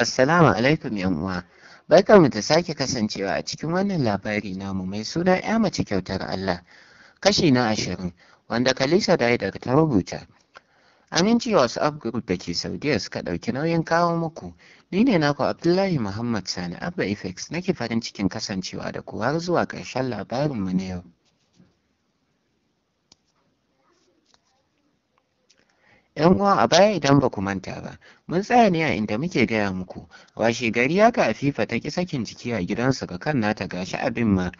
Assalamu alaikum uwa. mu da sake kasancewa a cikin wannan labari namu mai suna ‘ya mace kyautar Allah, kashi na ashirin, wanda Kalisa daga ta rubuta. Aminci wasu Group da ke Saudiya suka ɗauki nauyin kawo muku, ni ne naku Abdullahi Muhammad Sani Abba Ifex nake farin cikin kasancewa da ku har zuwa ƙarshen labarinmu na yau. 'yan uwa a baya idan ba ku manta ba mun tsaya ne a inda muke gaya muku washe gari ka afifa ta ki sakin jiki a gidansa ga kan nata gashi abin ma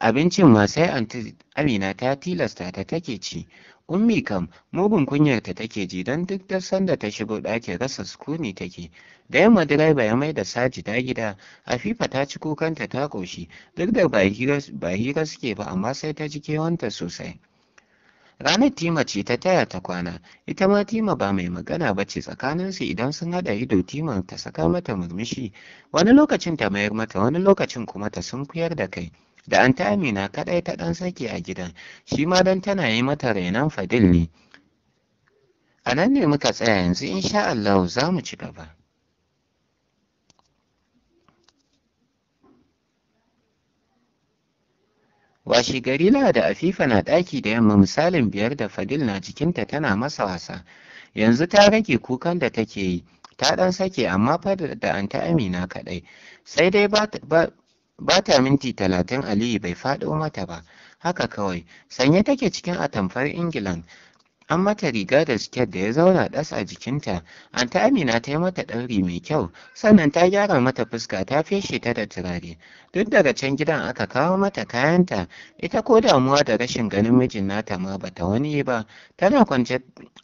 abincin ma sai anti amina ta tilasta ta take ci ummi kam mugun kunyar ta take ji don duk da sanda ta shigo ɗakin rasa sukuni take da yamma direba ya mai da saji da gida afifa ta ci kukanta ta ƙoshi duk da ba hira suke ba amma sai ta ji kewanta sosai Ranar Tima ce ta taya ta kwana, ita ma Tima ba mai magana ba ce tsakaninsu idan sun haɗa ido Tima ta saka mata murmushi, wani lokacin ta mayar mata wani lokacin kuma ta sun kuyar da kai. Da an ta amina kaɗai ta ɗan saki a gidan, shi ma don tana yi mata rainon fadil ne. A nan ne muka tsaya yanzu insha Allahu, za mu ci gaba. Washi gari da Afifa na daki da yamma misalin biyar da Fadil na jikinta tana masa wasa. Yanzu ta rage kukan da take yi, ta ɗan sake amma fa da anta Amina kaɗai. Sai dai ba ta minti talatin Aliyu bai faɗo mata ba. Haka kawai, sanye take cikin atamfar Ingilan, An mata riga da siket da ya zauna ɗas a jikinta, ta Amina ta yi mata ɗauri mai kyau, sannan ta gyara mata fuska ta feshe ta da turare. Duk daga can gidan aka kawo mata kayanta, ita ko damuwa da rashin ganin mijin nata ma bata wani ba, tana kwance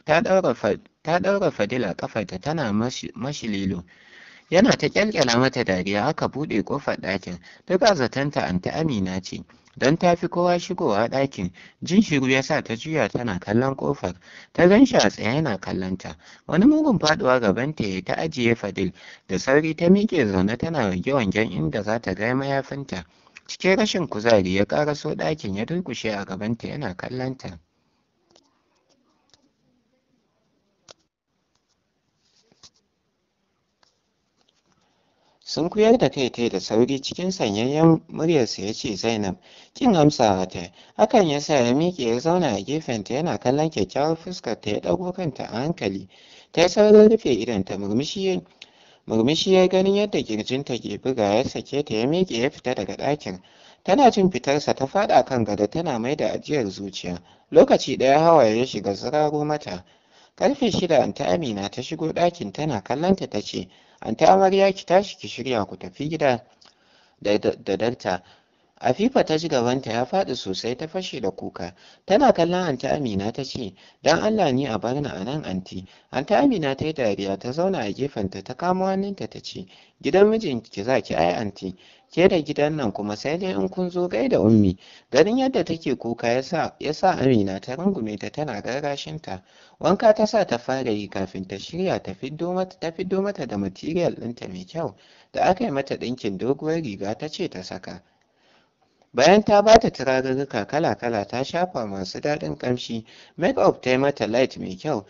ta ɗaura fadila ƙafarta tana mashi lilo. Yana ta kyalkyala mata dariya aka buɗe ƙofar ɗakin, duk a zatanta ta Amina ce. don ta fi kowa shigowa ɗakin jin shiru ya sa ta juya tana kallon ƙofar ta gan shi a tsaye yana kallonta. wani mugun faɗuwa gabanta ya ta ajiye fadil da sauri ta miƙe zaune tana wange-wangen inda za ta ga mayafinta cikin rashin kuzari ya ƙaraso ɗakin ya durƙushe a gabanta yana kallonta. Sun kuyar da kai tai da sauri cikin sanyayyen muryarsa ya ce zainab kin amsa ta hakan ya sa ya miƙe ya zauna a gefenta yana kallon kyakkyawar fuskar ta ya ɗago kanta a hankali ta yi saurin rufe idan ta murmushi murmushi ya ganin yadda ta ke buga ya sake ta ya miƙe ya fita daga ɗakin tana jin fitarsa ta faɗa kan gado tana mai da ajiyar zuciya lokaci ɗaya hawaye ya shiga ziraro mata karfe shida ta amina ta shigo ɗakin tana kallonta ta ce anti amarya ki tashi ki shirya ku tafi gida da danta. Afifa ta ji gabanta ya faɗi sosai ta fashe da kuka. Tana kallon Anta Amina ta ce, "Dan Allah ni a bar ni a nan anti." Anta Amina ta yi dariya ta zauna a gefenta ta kamo hannunta ta ce, "Gidan mijinki za ki ai anti." Ke da gidan nan kuma sai dai in kun zo gai da ummi. Ganin yadda take kuka ya sa Amina ta rungume ta tana gargashinta. Wanka ta sa ta fara yi kafin ta shirya ta fiddo mata da material ɗinta mai kyau da aka yi mata ɗinkin doguwar riga ta ce ta saka. bayan ta ba ta turarurruka kala-kala ta shafa masu daɗin ƙamshi make-up ta yi mata light mai kyau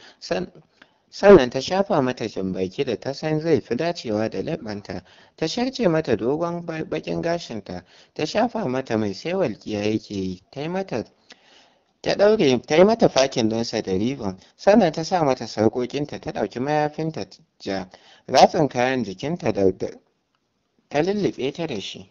sannan ta shafa mata jambaki da ta san zai fi dacewa da labanta ta sharce mata dogon baƙin gashinta ta shafa mata mai sai walƙiya yake yi ta yi mata ta ɗaure ta yi mata fakin ɗinsa da ribon sannan ta sa mata sarƙoƙinta ta ɗauki mayafinta ja ratsin kayan jikinta da ta lullube ta da shi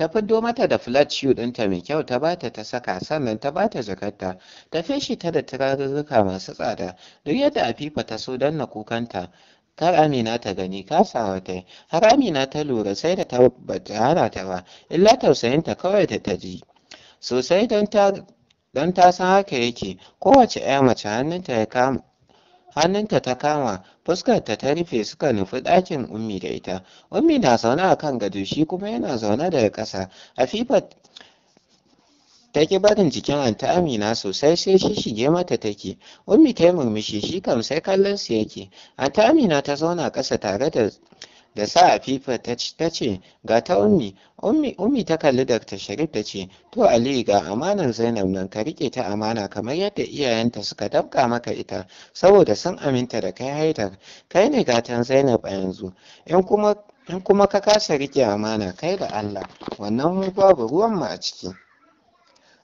ta fiddo mata da flat shoe ɗinta mai kyau ta bata ta saka sannan ta bata jakarta ta feshi ta da turarurruka masu tsada duk yadda afifa ta so danna kukanta kar amina ta gani kasawa ta yi har amina ta lura sai da ta bata hana ta ba illa tausayin ta kawai da ta ji sosai don ta san haka yake kowace 'ya mace hannunta ya kama hannunta ta kama fuskarta ta rufe suka nufi ɗakin ummi da ita ummi na zaune a kan gado shi kuma yana zaune daga ƙasa Hafifat ta ki barin jikin anta amina sosai sai shi shige mata take ummi ta yi murmushi shi kam sai kallon su yake anta amina ta zauna ƙasa tare da da sa Afifa ta ce ga ta ummi ummi ta kalli Dr. Sharif ta ce to Ali ga amanar Zainab nan ka rike ta amana kamar yadda iyayenta suka dabka maka ita saboda sun aminta da kai haita kai ne gatan Zainab a yanzu in kuma ka kasa rike amana kai da Allah wannan babu ruwan mu a ciki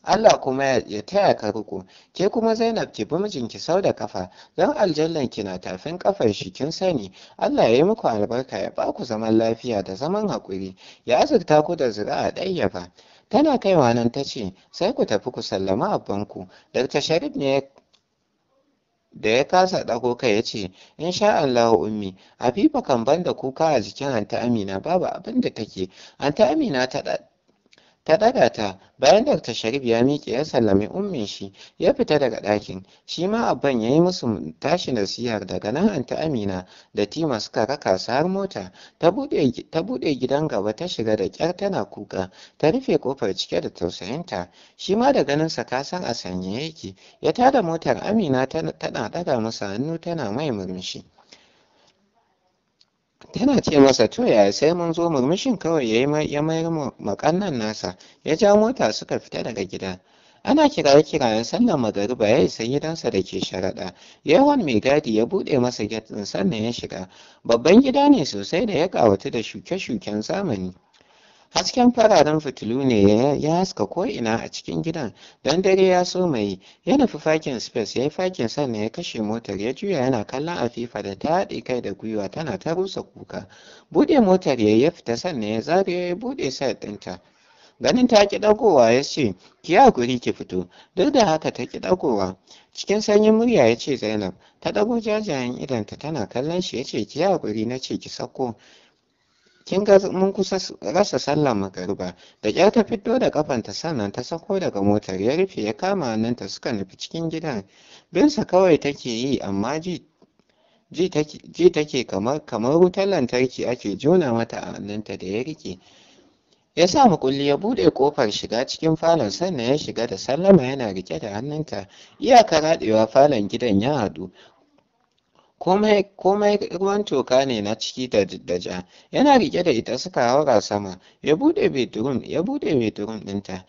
Allah kuma ya taya ka riko ke kuma Zainab ki bi mijinki sau da kafa don aljallan ki na tafin kafar shi kin sani Allah ya yi muku albarka ya ba ku zaman lafiya da zaman haƙuri ya azurta ku da zuri'a ɗaya ba tana kaiwa nan ta ce sai ku tafi ku sallama abbanku Dr. Sharif ne da ya kasa ɗago kai ya ce in sha Allah ummi Habiba kan banda kuka a jikin Anta Amina babu abin da take Anta Amina ta ta ɗaga ta bayan ta Sharif ya miƙe ya sallame ummin shi ya fita daga ɗakin shi ma abban ya yi musu tashi nasihar daga nan an ta Amina da Tima suka raka su har mota ta buɗe gidan gaba ta shiga da ƙyar tana kuka ta rufe kofar cike da tausayinta shi ma da ganin sa ka san a sanye yake ya tada motar Amina tana ɗaga masa hannu tana mai murmushi tana ce masa to yaya sai mun zo murmushin kawai ya mayar makannan nasa ya ja mota suka fita daga gida ana kiraye kirayen sallar magariba ya isa gidansa da ke sharaɗa yawan mai gadi ya buɗe masa gate sannan ya shiga babban gida ne sosai da ya ƙawatu da shuke-shuken zamani hasken fararen fitilu ne ya haska ko'ina a cikin gidan don dare ya so mai ya nufi fakin space ya yi fakin sannan ya kashe motar ya juya yana kallon afifa da ta haɗe kai da gwiwa tana ta rusa kuka buɗe motar ya ya fita sannan ya zare ya buɗe sayar ɗinta ganin ta ki ɗagowa ya ce ki guri ki fito duk da haka ta ki ɗagowa cikin sanyin murya ya ce zainab ta ɗago jajayen idanta tana kallon shi ya ce ki guri!" na ce ki sako kin ga mun kusa rasa sallar magariba da ƙyar ta fito da kafanta sannan ta sako daga motar ya rufe ya kama hannunta suka nufi cikin gidan binsa kawai take yi amma ji ji take kamar kamar wutar lantarki ake juna mata a hannunta da ya rike ya sa makulli ya bude kofar shiga cikin falon sannan ya shiga da sallama yana rike da hannunta iyakar haɗewa falon gidan ya haɗu komai ruwan toka ne na ciki da ja yana rike da ita suka haura sama ya bude bedroom ya bude bedroom ɗinta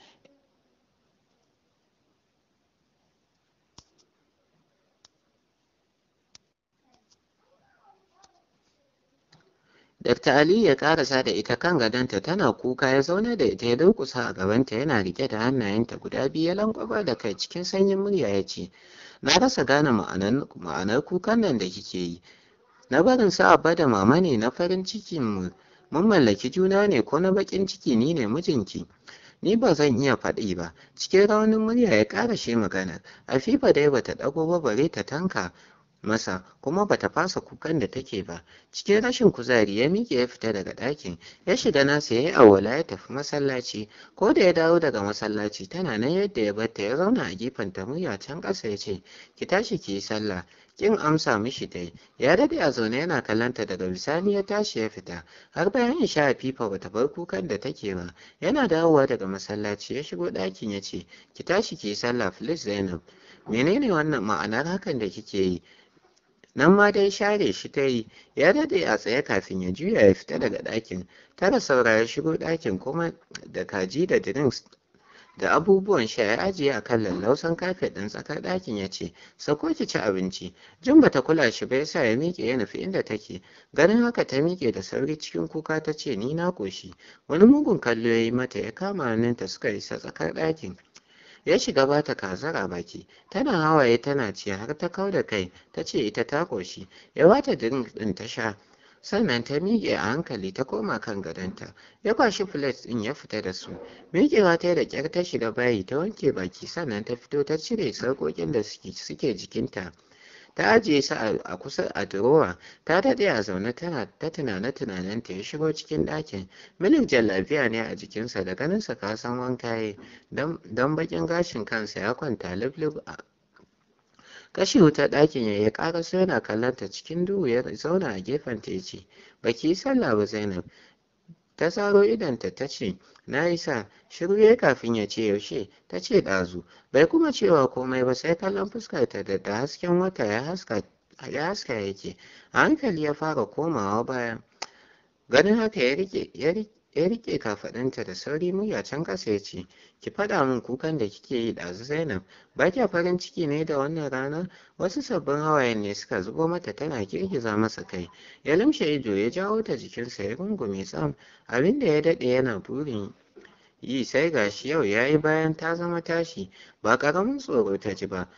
Dr. Ali ya karasa da ita kan gadonta tana kuka ya zauna da ita ya durkusa a gabanta yana rike da hannayenta guda biyu ya lankwaba da kai cikin sanyin murya ya ce na rasa gane ma'anar kukan nan da kike yi na barin sa abba da mama ne na farin cikin mu mun mallaki juna ne ko na bakin ciki ni ne mijinki ni ba zan iya faɗi ba cikin raunin murya ya ƙara shi magana afifa dai bata ɗago ba bare ta tanka masa kuma bata fasa kukan da take ba cikin rashin kuzari ya miƙe ya fita daga ɗakin ya shiga nasa ya yi awala ya tafi masallaci ko da ya dawo daga masallaci tana nan yadda ya barta ya zauna a gefen ta murya can ƙasa ya ce ki tashi ki yi sallah kin amsa mishi dai. ya daɗe a zaune yana kallonta daga bisani ya tashi ya fita har bayan sha fifa bata bar kukan da take ba yana dawowa daga masallaci ya shigo ɗakin ya ce ki tashi ki yi sallah filis zainab menene wannan ma'anar hakan da kike yi nan ma dai share shi ta yi ya daɗe a tsaye kafin ya juya ya fita daga ɗakin tara saura ya shigo ɗakin kuma da kaji da drinks da abubuwan sha ya ajiye a kan lallausan kafet ɗin tsakar ɗakin ya ce sako ki ci abinci jin bata kula shi ba yasa ya miƙe ya nufi inda take ganin haka ta miƙe da sauri cikin kuka ta ce ni na ƙoshi wani mugun kallo ya yi mata ya kama hannunta suka isa tsakar ɗakin ya shiga ba ta kazar a baki tana hawaye tana ci har ta kau da kai ta ce ita ta koshi ya wata drink ɗin ta sha sannan ta miƙe a hankali ta koma kan gadonta ya kwashi filet ɗin ya fita da su miƙewa ta da ƙyar ta shiga bayi ta wanke baki sannan ta fito ta cire sarƙoƙin da suke jikinta ta ajiye su a kusa a durowa ta daɗe a zaune tana ta tunane tunanen ta ya shigo cikin ɗakin milik jallabiya ne a jikinsa da ganinsa ka san wanka yi don bakin gashin kansa ya kwanta lublub a kashi wuta ɗakin ya ya ƙara yana kallon ta cikin duhu ya zauna a gefen teci baki sallah ba zainab ta saro idonta ta ce na isa shiru ya kafin ya ce yaushe ta ce ɗazu bai kuma cewa komai ba sai kallon fuskarta da da hasken wata ya haska yake hankali ya fara komawa bayan ganin haka ya rike ya riƙe kafadanta da sauri murya can ƙasa ya ce ki faɗa min kukan da kike yi ɗazu zainab ba kya farin ciki ne da wannan rana wasu sabbin hawayen ne suka zubo mata tana girgiza masa kai ya lumshe ido ya jawo ta jikinsa ya rungume tsam abin da ya daɗe yana burin yi sai gashi yau ya yi bayan ta zama tashi ba ƙaramin tsoro ta ji ba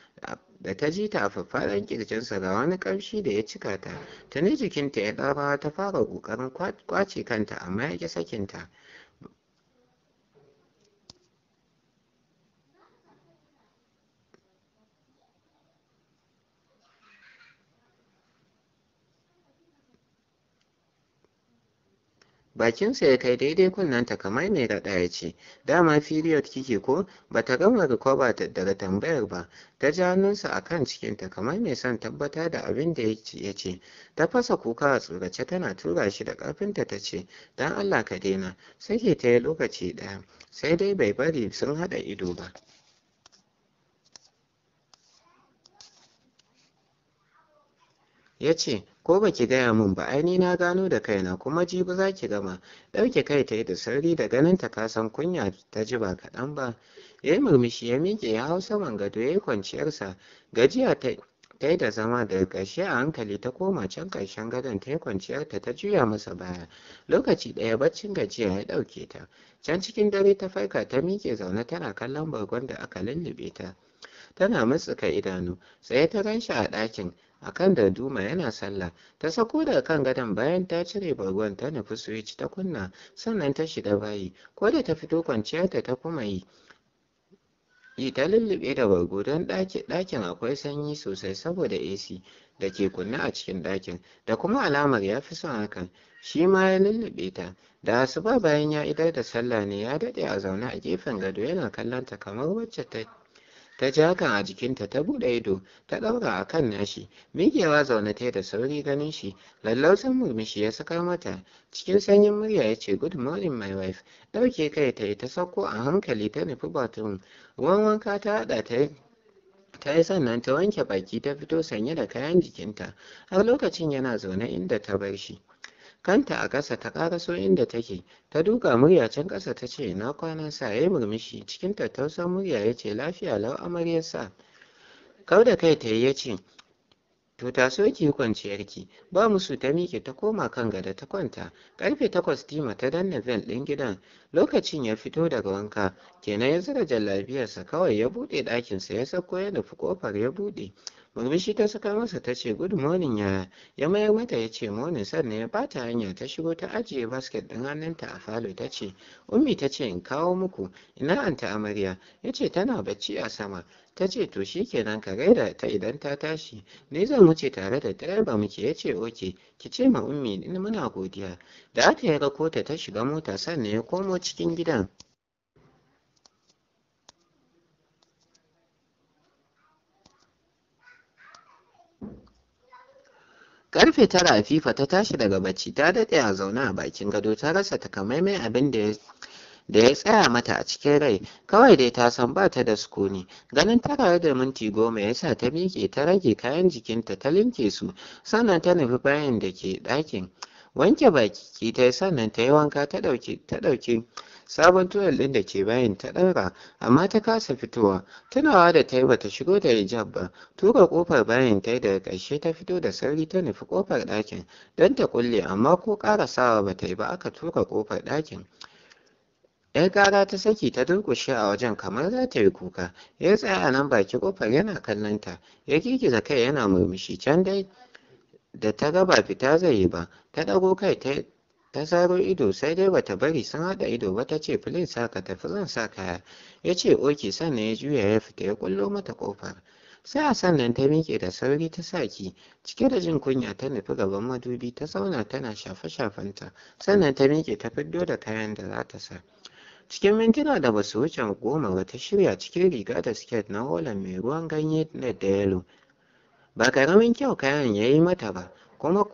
da ta ji ta a faffaɗan ƙirjinsa ga wani ƙamshi da ya cika ta tuni jikinta ya ɗaba ta fara ƙoƙarin kwace kanta amma ya ƙi sakinta bakinsa ya kai daidai kunnanta kamar mai raɗa ya ce dama period kike ko ba ta gama rikoba daga tambayar ba ta ja hannunsa a kan cikinta kamar mai son tabbata da abin da ya ce ta fasa kuka a tsorace tana tura shi da ƙarfinta ta ce don allah ka daina sai ta yi lokaci ɗaya sai dai bai bari sun haɗa ido ba ya ce ko ba ki gaya min ba ai na gano da kaina kuma jibi za ki gama ɗauke kai ta yi da sauri da ganin ta kasan kunya ta ji ba kaɗan ba ya yi murmushi ya miƙe ya hau saman gado ya yi kwanciyarsa gajiya ta yi da zama da ƙarshe a hankali ta koma can ƙarshen gadon ta yi kwanciyarta ta juya masa baya lokaci ɗaya baccin gajiya ya ɗauke ta can cikin dare ta farka ta miƙe zaune tana kallon bargon da aka lullube ta tana matsuka idanu sai ta ganshi a ɗakin akan duma yana sallah ta sako daga kan gadon bayan ta cire bargon ta nufi switch ta kunna sannan ta shiga bayi ko da ta fito kwanciyar ta ta kuma yi yi ta lullube da bargo don ɗakin akwai sanyi sosai saboda ac da ke kunna a cikin ɗakin da kuma alamar ya fi son hakan shi ma ya lullube ta da asuba bayan ya idar da sallah ne ya daɗe a zaune a gefen gado yana kallon kamar wacce ta ta ji hakan a jikinta ta buɗe ido ta ɗaura a kan nashi miƙewa zaune ta da sauri ganin shi lallausan murmushi ya saka mata cikin sanyin murya ya ce good morning my wife ɗauke kai ta yi ta sauko a hankali ta nufi bathroom ruwan wanka ta haɗa ta ta yi sannan ta wanke baki ta fito sanye da kayan jikinta har lokacin yana zaune inda ta bar shi kanta a ƙasa ta so inda take ta duka murya can ƙasa ta ce na kwana sa ya yi murmushi cikin tattausan murya ya ce lafiya lau amaryar sa kau da kai ta yi ya ce to ta so ki kwanciyarki ba musu ta miƙe ta koma kan gada ta kwanta ƙarfe takwas tima ta danna vel ɗin gidan lokacin ya fito daga wanka kenan ya zira jallabiyarsa kawai ya buɗe ɗakinsa ya sauko ya nufi ƙofar ya buɗe shi ta saka masa ta ce good morning yaya ya mayar mata ya ce morning sannan ya bata hanya ta shigo ta ajiye basket ɗin hannunta a falo ta ce ummi ta ce in kawo muku ina anta amarya ya ce tana bacci a sama ta ce to shi kenan ka gaida ta idan ta tashi Ne zan wuce tare da direba muke ya ce oke ki ce ma ummi muna godiya da aka yi kota ta shiga mota sannan ya komo cikin gidan Karfe tara fifa ta tashi daga bacci ta daɗe a zaune a bakin gado ta rasa takamaiman abin da ya tsaya mata a cikin rai kawai dai ta san ba ta da sukuni ganin tara da minti goma ya sa ta miƙe ta rage kayan jikinta ta linke su sannan ta nufi bayan da ke ɗakin wanke baki ta yi sannan ta yi wanka ta ɗauki ta ɗauki sabon tuwal ɗin da ke bayan ta ɗaura amma ta kasa fitowa tunawa da ta yi bata shigo da hijab ba tura kofar bayan ta yi daga ƙarshe ta fito da sauri ta nufi kofar ɗakin don ta kulle amma ko ƙarasawa ba ta yi ba aka tura kofar ɗakin ‘yar gara ta saki ta durƙushe a wajen kamar za ta yi kuka ya tsaya a nan baki ƙofar yana kallon ta ya girgiza kai yana murmushi can dai da ta ga ba fita zai yi ba ta ɗago kai ta ta ido sai dai bata bari sun haɗa ido ba ta ce filin sa ka tafi zan sa kaya ya ce oke sannan ya juya ya fita ya kullo mata kofar sai a sannan ta miƙe da sauri ta sa saki cike da jin kunya ta nufi gaban madubi ta zauna tana shafe-shafenta sannan ta miƙe ta fiddo da kayan da za ta sa cikin mintuna da basu wuce goma ba ta shirya cikin riga da siket na holan mai ruwan ganye da yalo ba karamin kyau kayan ya yi mata ba kuma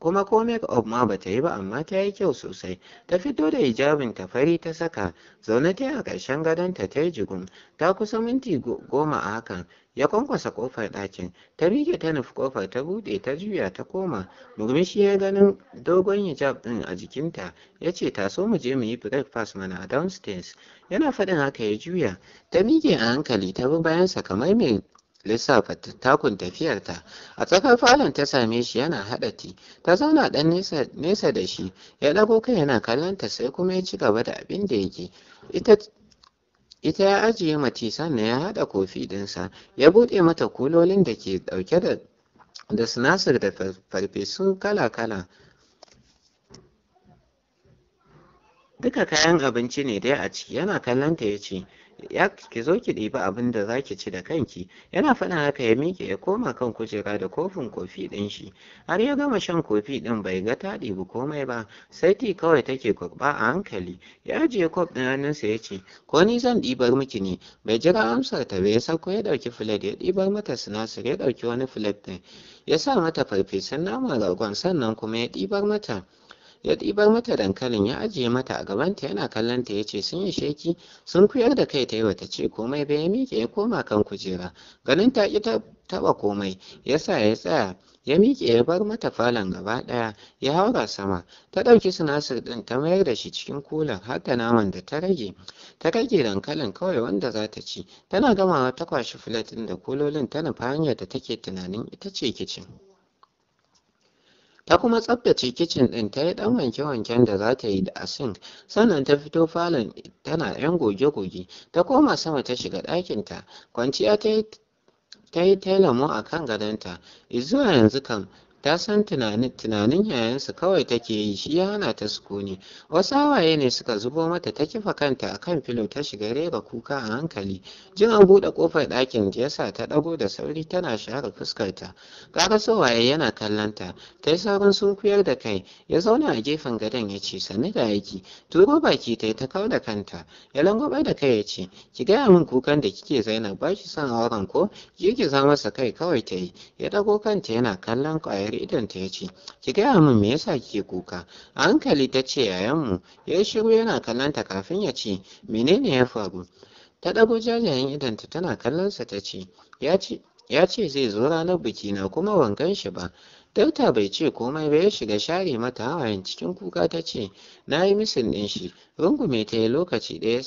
kuma ko make ma ba ta yi ba amma ta yi kyau sosai ta fito da hijabin ta fari ta saka zaune ta a ƙarshen gadon ta yi jigun ta kusa minti goma a hakan ya kwankwasa kofar ɗakin ta rike ta nufi kofar ta buɗe ta juya ta koma murmushi ya ganin dogon hijab ɗin a jikinta ya ce ta so mu je mu yi breakfast mana a downstairs yana faɗin haka ya juya ta miƙe a hankali ta bi bayansa kamar mai lissafa takun tafiyarta a tsakar falon ta same shi yana haɗa ti ta zauna ɗan nesa da shi ya ɗago kai yana kallonta sai kuma ya ci gaba da abin da yake ita ita ya ajiye mace sannan ya haɗa kofi ɗinsa ya buɗe mata kulolin da ke ɗauke da da sinasir da farfesun kala-kala duka kayan abinci ne dai a ciki yana kallonta ya ce ya ki zo ki ɗibi abin da za ki ci da kanki yana faɗa haka ya miƙe ya koma kan kujera da kofin kofi ɗin shi har ya gama shan kofi ɗin bai ga ta ɗibi komai ba sai ti kawai take kurɓa a hankali ya ajiye kof ɗin hannunsa ya ce ko ni zan ɗibar miki ne bai jira amsar ta ba ya sauko ya ɗauki filet ya ɗibar mata sinasir ya ɗauki wani filet ɗin ya sa mata farfesun naman ragon sannan kuma ya ɗibar mata ya ɗibar mata dankalin ya ajiye mata a gabanta yana kallon ya ce, sun yi sheki sun kuyar da kai ta yi wata ce komai bai ya miƙe ya koma kan kujera ganin ta ƙi taɓa komai ya sa ya tsaya ya miƙe ya bar mata falon gaba ɗaya ya haura sama ta ɗauki sinasir ɗin ta mayar da shi cikin kulan har da naman da ta rage ta rage dankalin kawai wanda za ta ci tana gamawa ta kwashi filet ɗin da kulolin ta nufa hanyar da take tunanin ita ce kicin Ta kuma tsaftace kicin ɗin ta yi ɗan wanke-wanken da za ta yi da asin, sannan ta fito falon tana 'yan goge-goge, ta koma sama ta shiga ɗakinta, kwanciya ta yi ta yi telemo a kan gadonta, Izuwa yanzu kam ta san tunanin yayansu kawai take yi shi ya hana ta sukuni wasu hawaye ne suka zubo mata ta kifa kanta a kan filo ta shiga rera kuka a hankali jin an buɗe ƙofar ɗakin yasa ta ɗago da sauri tana share fuskarta so waye yana kallonta ta yi saurin sunkuyar da kai ya zauna a gefen gadon ya ce sannu da aiki turo baki ta yi ta kau da kanta ya langwabar da kai ya ce ki gaya min kukan da kike zainab ba ki son auren ko ki ki za masa kai kawai ta yi ya ɗago kanta yana kallon ƙwayar zare idonta ya ce ki gaya min me yasa kike kuka a hankali ta ce yayanmu ya shiru yana kallonta kafin ya ce menene ya faru ta ɗago jajayen ta tana kallon sa ta ce ya ce zai zo ranar biki na kuma ban gan shi ba Dauta bai ce komai ba ya shiga share mata hawayen cikin kuka ta ce, Na yi misin ɗin shi, rungume ta yi lokaci ɗaya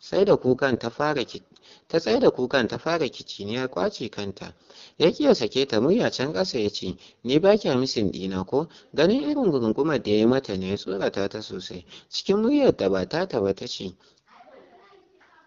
sai da kukan ta fara ta tsaye da kukan ta fara kici ne ya kwace kanta ya kiya sake ta murya can ƙasa ya ce ni ba kya misin ɗina ko ganin irin gurgumar da ya yi mata ne ya tsorata ta sosai cikin muryar da ba ta ba ta ce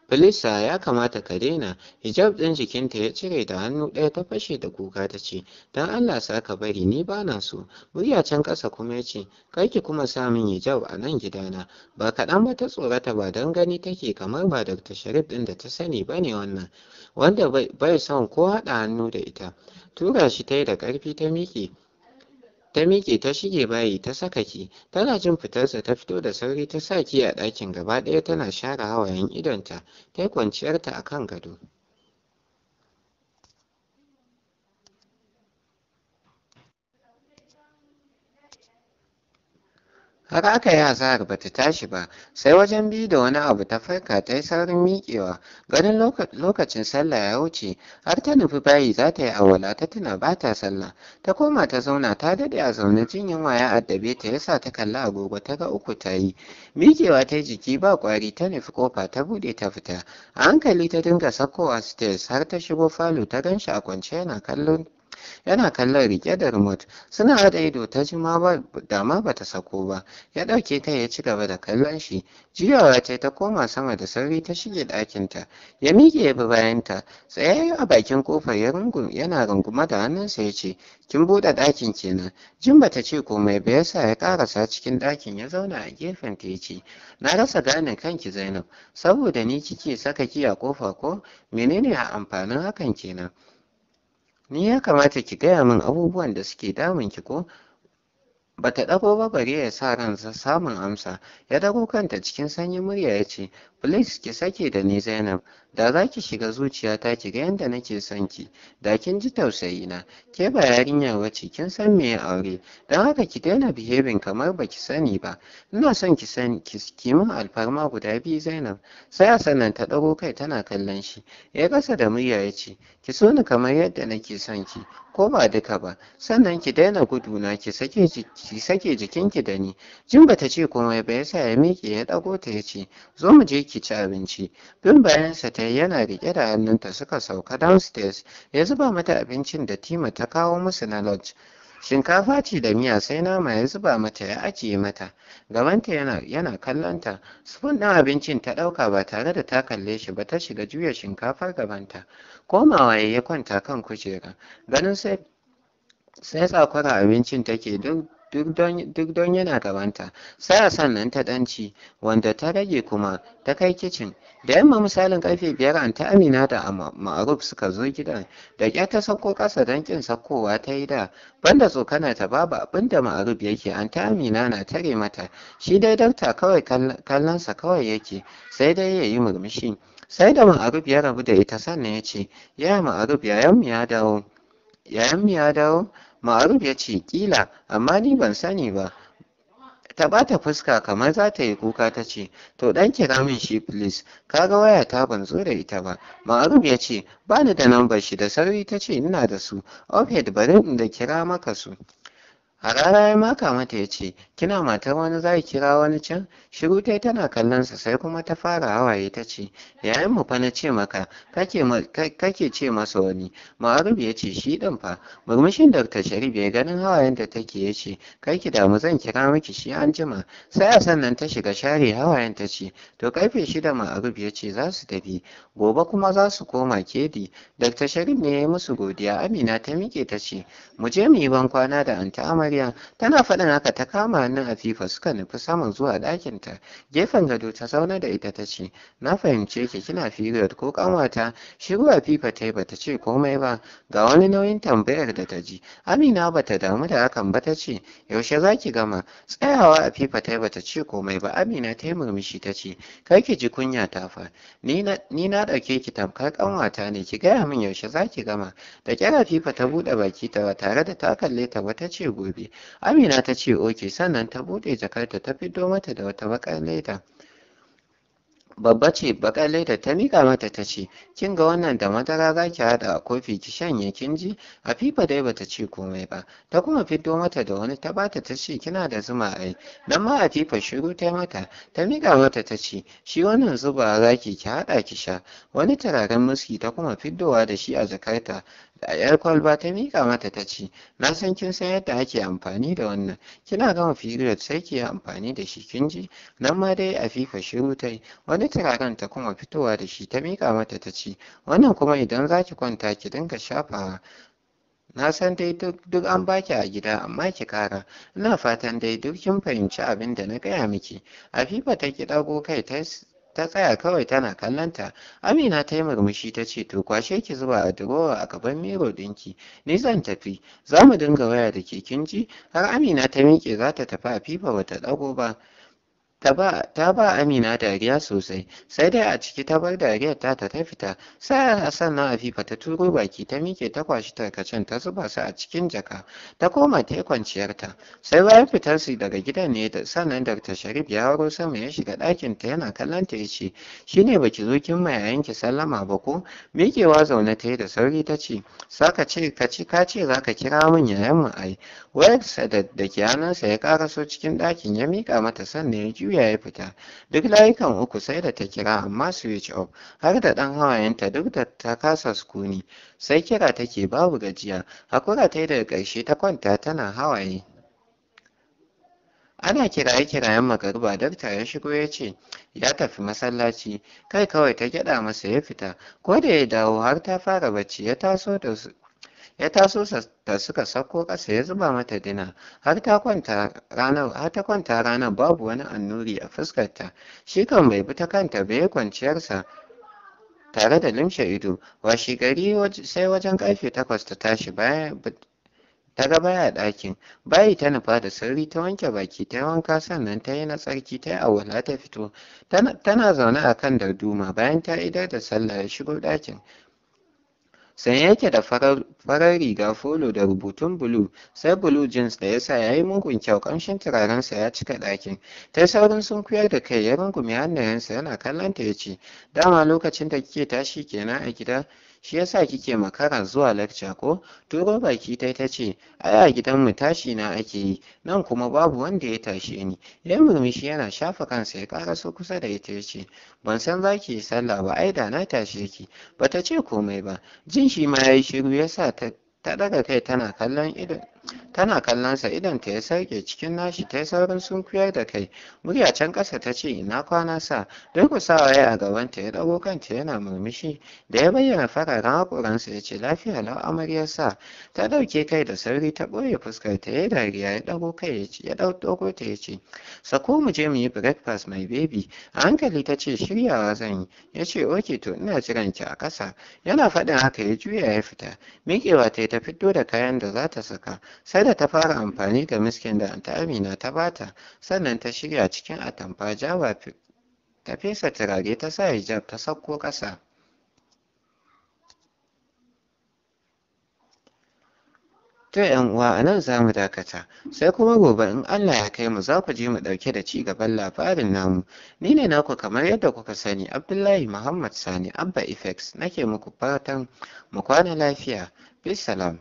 Felisa ya kamata ka daina, hijab ɗin jikinta ya cire da hannu ɗaya ta fashe da kuka ta ce, don Allah sa ka bari ni ba na so. Murya can ƙasa kuma ya ce, ki kuma sa min hijab a nan gidana, ba kaɗan ba ta tsorata ba don gani take kamar ba ta Sharif ɗin da ta sani ba ne wannan, wanda bai son ko haɗa hannu da ita. Tura shi ta yi da ƙarfi ta miƙe. ta miƙe ta shige bayi ta saka ki tana jin fitarsa ta fito da sauri ta sa ki a ɗakin gaba ɗaya tana share hawayen idonta ta yi kwanciyarta a kan gado har aka yi azahar ba ta tashi ba sai wajen biyu da wani abu ta farka ta yi saurin miƙewa ganin lokacin sallah ya wuce har ta nufi bayi za ta yi awala ta tuna ba ta sallah ta koma ta zauna ta daɗe a zaune jin yunwa ya addabe ta yasa ta kalla agogo ta ga uku ta yi miƙewa ta jiki ba ƙwari ta nufi ƙofa ta buɗe ta fita a hankali ta dinga sakowa stairs har ta shigo falo ta gan shi a kwance yana kallon yana kallon rike da remote suna haɗa ido ta ji ma da ma bata sako ba ya ɗauke kai ya ci gaba da kallon shi jiyawa ta ta koma sama da sauri ta shige ɗakinta ya miƙe ya bi bayanta tsaye a bakin kofar ya rungum yana runguma da hannunsa ya ce kin buɗe ɗakin kenan jin bata ce komai ba yasa ya ƙarasa cikin ɗakin ya zauna a gefen ta ya ce na rasa ganin kanki zainab saboda ni kike saka ki a kofa ko menene a amfanin hakan kenan Ni ya kamata ki gaya min abubuwan da suke damun ki ko? bata ta ba bare ya sa ransa samun amsa, ya dako kanta cikin sanyin murya ya ce, Please ki sake da ni Zainab, da zaki ki shiga zuciyata ki ga yadda nake son ki, da kin ji tausayi na, ke ba yarinya wacce kin san me aure, don haka ki daina behaving kamar ba ki sani ba. Ina son ki sani ki min alfarma guda biyu Zainab, sai a sannan ta ɗago kai tana kallon shi, ya kasa da murya ya ce, ki so ni kamar yadda nake son ki, ko ba duka ba, sannan ki daina guduna ki sake jikinki da ni. Jin bata ce komai ba yasa ya miƙe ya ɗago ta ya ce, zo mu je ki ci abinci bin bayansa ta yana rike da hannunta suka sauka downstairs ya zuba mata abincin da tima ta kawo musu na lodge shinkafa ce da miya sai nama ya zuba mata ya ajiye mata gabanta yana yana kallonta spoon ɗin abincin ta ɗauka ba tare da ta kalle shi ba ta shiga juya shinkafar gabanta komawa ya kwanta kan kujera ganin sai sai tsakwara abincin take duk duk don yana gabanta sai sannan ta ɗanci wanda ta rage kuma ta kai kicin da yamma misalin karfe biyar an ta amina da ma'aruf suka zo gidan da kyar ta sauko ƙasa don ƙin saukowa ta yi da banda tsokana ta babu abin da ma'aruf yake an ta amina na tare mata shi dai ta kawai kallonsa kawai yake sai dai ya yi murmushi sai da ma'aruf ya rabu da ita sannan ya ce ya ma'aruf ya dawo ya dawo Ma'aruf ya ce ƙila amma ni ban sani ba. ta bata fuska kamar za ta yi kuka ta ce to dan kira min shi please kaga waya ta ban zo da ita ba ma'aruf ya ce ba ni da nambar shi da sauri ta ce ina da su ofed bari in da kira maka su a rara ya maka mata ya ce kina matar wani za kira wani can shiru tai tana kallon sa sai kuma ta fara hawaye ta ce yayin mu fa na ce maka kake ce masa wani ma'arubi ya ce shi din fa murmushin dr sharif ya ganin hawayen da take ya ce kai ki mu zan kira maki shi an jima sai a sannan ta shiga share hawayen ta ce to karfe shida maarubi ya ce za su tafi gobe kuma za su koma kedi dr sharif ne ya yi musu godiya amina ta miƙe ta ce mu je mu yi bankwana da anta amarya tana faɗin haka ta kama hannun afifa suka nufi saman zuwa ɗakinta gefen gado ta zauna da ita ta ce na fahimce ki kina period ko ƙanwata shiru afifa ta yi bata ce komai ba ga wani nauyin tambayar da ta ji amina bata damu da hakan ba ta ce yaushe za ki gama tsayawa afifa ta yi bata ce komai ba amina ta yi murmushi ta ce kai ki ji kunya ta fa ni na ɗauke ki tamkar kanwata ne ki gaya min yaushe za ki gama da kyar afifa ta buɗe baki ta tare da ta kalle ta ba ta ce gobe zabi amina ta ce oke sannan ta bude jakarta ta fito mata da wata bakar leda babba ce bakar leda ta miƙa mata ta ce kin ga wannan da madara za ki haɗa a kofi ki shanye kin ji Hafifa dai bata ce komai ba ta kuma fito mata da wani ta bata ta ce kina da zuma ai dan ma fifa shiru ta mata ta miƙa mata ta ce shi wannan zuba za ki ki haɗa ki sha wani turaren muski ta kuma fidowa da shi a jakarta da yar kwalba ta mika mata ta ce na san kin san yadda ake amfani da wannan kina gama period sai ki amfani da shi kin ji nan ma dai afifa shiru ta yi wani turaren ta kuma fitowa da shi ta mika mata ta ce wannan kuma idan za ki kwanta ki dinga shafawa na san dai duk an baki a gida amma ki kara ina fatan dai duk kin fahimci abin da na gaya miki afifa ta ki dago kai ta ta tsaya kawai tana kallonta amina ta yi murmushi ta ce to kwashe ki zuba a durowa a gaban miro ɗinki ni zan tafi za mu dinga waya da ke kin ji har amina ta miƙe za ta tafi a fifa ta ɗago ba ta ba Amina dariya sosai sai dai a ciki ta bar dariyar ta ta fita sai sannan Afifa ta turo baki ta mike ta kwashi tarkacen ta zuba su a cikin jaka ta koma ta yi kwanciyarta sai bayan fitar su daga gidan ne da sannan Dr. Sharif ya haro sama ya shiga ɗakin ta yana kallon ta yace shine baki zo kin ma yayin sallama ba ko mikewa zaune ta yi da sauri ta ce saka ce ka ce ka ce zaka kira min yayan mu ai wayarsa da ke hannunsa ya karaso cikin ɗakin ya mika mata sannan ya juya ya fita duk layukan uku sai da ta kira amma switch off har da ɗan hawayenta duk da ta kasa sukuni sai kira take babu gajiya hakura ta daga ƙarshe ta kwanta tana hawaye ana kiraye-kirayen magarba dakta ya shigo ya ce ya tafi masallaci kai kawai ta gyada masa ya fita ko da ya dawo har ta fara bacci ya taso da ya taso ta suka sauko ƙasa ya zuba mata dina har ta kwanta ranar babu wani annuri a fuskarta shi kan bai bi ta kanta bai kwanciyarsa tare da limshe ido washi gari sai wajen karfe takwas ta tashi baya ta ga baya ɗakin bayi ta nufa da sauri ta wanke baki ta wanka sannan ta yi na tsarki ta yi awala ta fito tana zaune a kan darduma bayan ta idar da sallah ya shigo ɗakin Sanye yake da farar riga folo da rubutun bulu, sai bulu jeans da ya sa ya yi mugun kyau kamshin turarensa ya cika ɗakin. Ta saurin sunkuyar da kai ya rungumi hannayensa yana kallon ta ya ce, dama lokacin da kike tashi kenan a gida shi yasa kike makara zuwa lakca ko turo baki tai ta ce ai a mu tashi na ake yi nan kuma babu wanda ya tashe ni ya murmushi yana shafa kansa ya karaso kusa da ita ya ce ban san za ki yi sallah ba ai da na tashe ki bata ce komai ba jin shi ma ya yi shiru yasa ta ta daga kai tana kallon idon tana kallonsa idan ta ya sarke cikin nashi ta saurin sunkuyar da kai murya can kasa ta ce ina kwana sa ku sa ya a gabanta ya dago kanta yana murmushi da ya bayyana fararen sa ya ce lafiya lau sa. ta ɗauke kai da sauri ta ɓoye fuskar ta ya dariya ya dago kai ya ce ya ɗauko ta ya ce sako mu je mu yi breakfast mai baby a hankali ta ce shiryawa zan yi ya ce oke to ina jiran ki a ƙasa yana faɗin haka ya juya ya fita miƙewa ta yi ta ta fito da kayan da za ta saka sai da ta fara amfani da miskin da ta amina ta bata sannan ta shirya cikin atamfa jawa ta fesa turare ta sa hijab ta sauko ƙasa To ‘yan uwa a nan za mu dakata, sai kuma gobe in Allah ya kai mu za ku je mu ɗauke da ci gaban labarin namu. Ni ne naku kamar yadda kuka sani Abdullahi Muhammad Sani Abba Effects nake muku fatan mu kwana lafiya. بسلام